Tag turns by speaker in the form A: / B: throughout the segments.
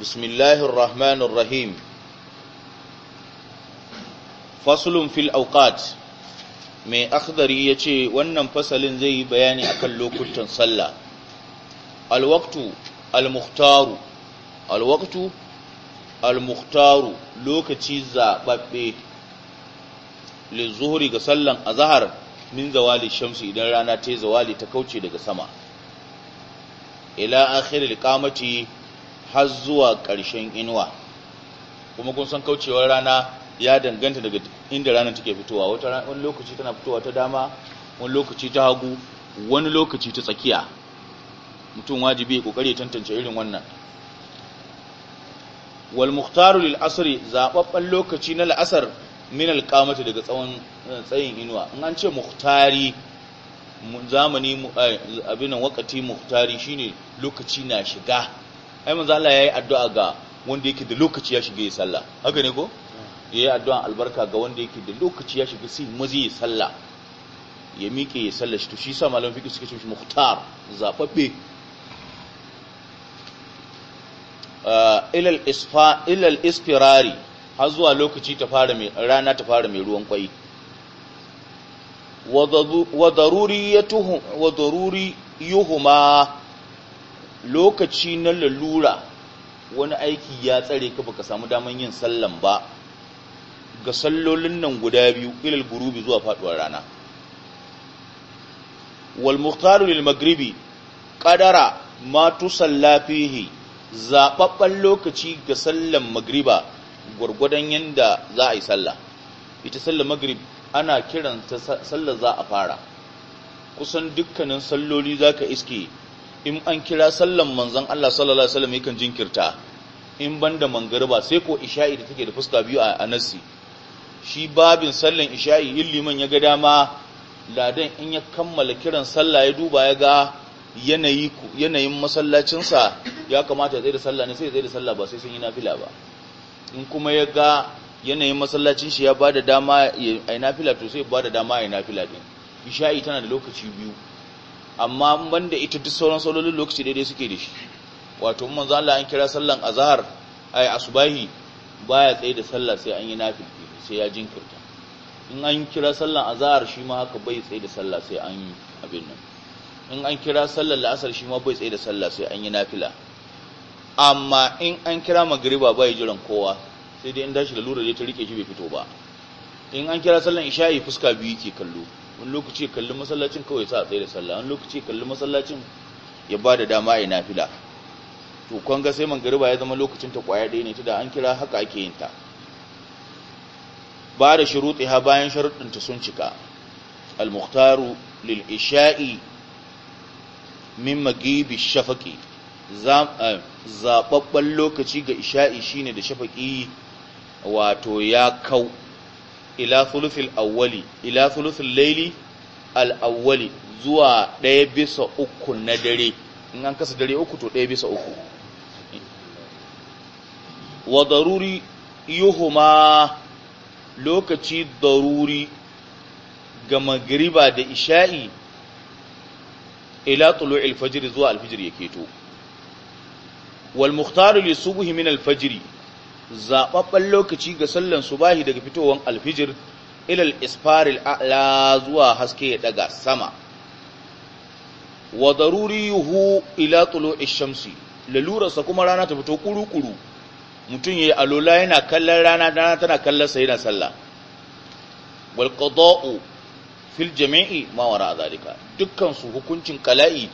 A: بسم الله الرحمن الرحيم fil Aukat mai akhdari ya ce wannan fasalin zai yi bayani akan lokutan sallah alwaktu almuhtaru alwaktu almuhtaru lokaci zaɓaɓɓe lizuhuri ga sallan azahar min zawali shamsu idan rana ta yi zawali ta kauce daga sama ila akhiril qamati har zuwa ƙarshen inuwa kuma kun san kaucewar rana ya danganta daga inda ranar take fitowa wani lokaci tana fitowa ta dama wani lokaci ta hagu wani lokaci ta tsakiya mutum wajibi ya kokari tantance irin wannan wal muhtaru lil asri zababban lokaci na la'asar min al daga tsawon eh, tsayin inuwa in an ce muhtari zamani abin nan wakati muhtari shine lokaci na shiga ai manzo Allah yayi addu'a ga wanda yake da lokaci ya shiga ya sallah haka ne ko yayi addu'a albarka ga wanda yake da lokaci ya shiga sai mazi ya sallah ya miƙe ya sallah shi to shi sa malamin fiqh suke cewa muhtar ila ilal isfa al-istirari har zuwa lokaci ta fara mai rana ta fara mai ruwan kwai wa yuhuma lokaci na lalura wani aiki ya tsare ka baka samu daman yin sallan ba ga sallolin nan guda biyu ilal gurubi zuwa faduwar rana wal muhtaru lil magribi qadara ma tusalla fihi zababban lokaci ga sallan magriba gwargwadon yanda za a yi sallah ita sallan magribi ana kiran kiranta sallar za a fara kusan dukkanin salloli za ka iske in an kira sallar manzan Allah sallallahu Alaihi wasallam yakan jinkirta in ban da mangariba sai ko isha'i da take da fuska biyu a nassi shi babin sallan isha'i yin liman ya ga dama ladan in ya kammala kiran sallah ya duba ya ga yanayin masallacinsa ya kamata ya tsaye da sallah ne sai ya tsaye da sallah ba sai sun yi nafila ba in kuma ya ga yanayin masallacin shi ya ba da dama a yi nafila to sai ba da dama a yi nafila din isha'i tana da lokaci biyu amma banda ita duk sauran salolin lokaci daidai suke da shi wato manzo Allah an kira sallan azhar ai asubahi baya tsaye da sallah sai an yi nafila sai ya jinkirta in an kira sallan azhar shi ma haka bai tsaye da sallah sai an yi abin nan in an kira sallan la'asar shi ma bai tsaye da sallah sai an yi nafila amma in an kira magriba bai jiran kowa sai dai in dashi lalura dai ta rike shi bai fito ba in an kira sallan isha'i fuska biyu ke kallo wani lokaci kalli masallacin kawai sa a tsaye da sallah wani lokaci ya kalli masallacin ya ba da dama a nafila to kwanga sai mangariba ya zama lokacin ta kwaya ɗaya ne ta da an kira haka ake yin ta ba da shuruɗi ha bayan ta sun cika al-mukhtaru lil isha'i min magibi shafaqi zababban eh, lokaci ga isha'i shine da shafaqi wato ya kau ila thuluthil awwali ila thuluthil layli al awwali zuwa ɗaya bisa uku na dare in an kasa dare uku to ɗaya bisa uku wa daruri yuhuma lokaci daruri ga magriba da isha'i ila tulu'il fajr zuwa al fajr yake to wal mukhtaru li subhi min al fajr zaɓaɓɓen lokaci ga sallan subahi daga fitowar alfijir ilal isfaril a'la zuwa haske ya daga sama wa daruriyuhu ila tulu'i shamsi lalurarsa kuma rana ta fito kuru-kuru mutum yi alola yana kallon rana rana tana kallon sa yana sallah wal qada'u fil jami'i ma wara zalika dukkan su hukuncin kala'i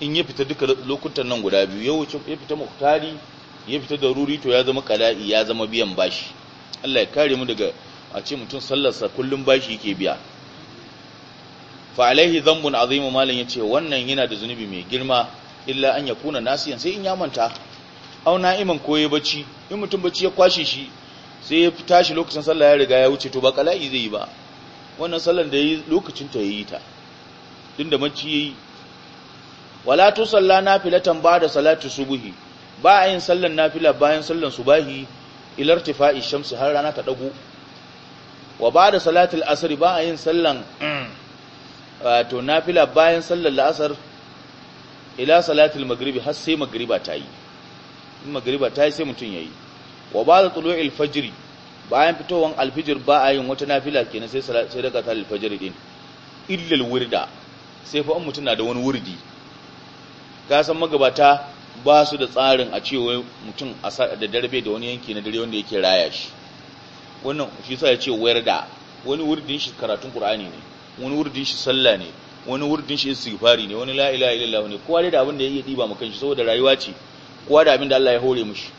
A: in ya fita duka lokutan nan guda biyu ya wuce ya fita muhtari ya fita da ruri to ya zama kala'i ya zama biyan bashi Allah ya kare mu daga a ce mutum sallarsa kullum bashi yake biya fa alaihi dhanbun azim malan yace wannan yana da zunubi mai girma illa an yakuna nasiyan sai in ya manta au na'iman ko ya bacci in mutum bacci ya kwashe shi sai ya tashi lokacin sallah ya riga ya wuce to ba kala'i zai yi ba wannan sallar da yi lokacin ta yayi ta tunda bacci yayi wala tusalla nafilatan ba da salatu subuhi ba a yin sallan nafila bayan sallan subahi ilar tifa'i shamsu har rana ta dago wa ba da salatul asr ba a yin sallan to nafila bayan sallan la'asar ila salatul maghribi har sai maghriba ta yi in maghriba ta yi sai mutun yayi wa ba da tulu'il fajri bayan fitowan alfijir ba a yin wata nafila kenan sai sai daga ta alfajr din illal wirda sai fa an mutuna da wani wurdi ka san magabata ba su da tsarin a cewa mutum da darbe da wani yanki na dare wanda yake raya shi wannan shi sa ya ce wayar da wani wurdin shi karatun qur'ani ne wani wurdin shi sallah ne wani wurdin shi istighfari ne wani la ilaha illallah ne kowa da abin da yake diba maka shi saboda rayuwa ce kowa da abin da Allah ya hore mishi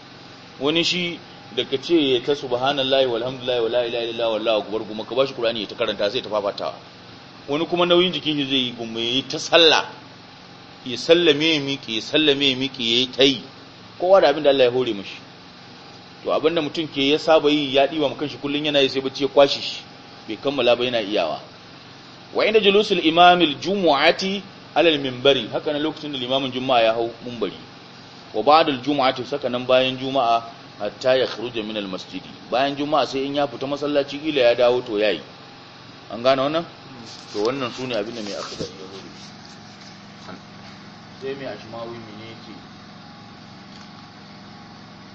A: wani shi da ka ce ta subhanallahi walhamdulillahi wala ilaha illallah wallahu akbar kuma ka bashi qur'ani ya ta karanta sai ta fafatawa wani kuma nauyin jikin shi zai yi gume ta sallah miƙe sallame ya miƙe sallame ya miƙe ya yi ta yi kowa da abin da Allah ya hore mashi to abin da mutum ke ya saba yi ya ɗiwa makan shi kullum yana yi sai bacci ya kwashe shi bai kammala ba yana iyawa wa inda julusul imamil jumu'ati alal minbari haka nan lokacin da limamin juma'a ya hau minbari wa ba'dal jumu'ati nan bayan juma'a hatta ya khruja min al masjid bayan juma'a sai in ya fita masallaci ila ya dawo to yayi an gane wannan to wannan sune abin da mai akhbar ya teme as mal iminente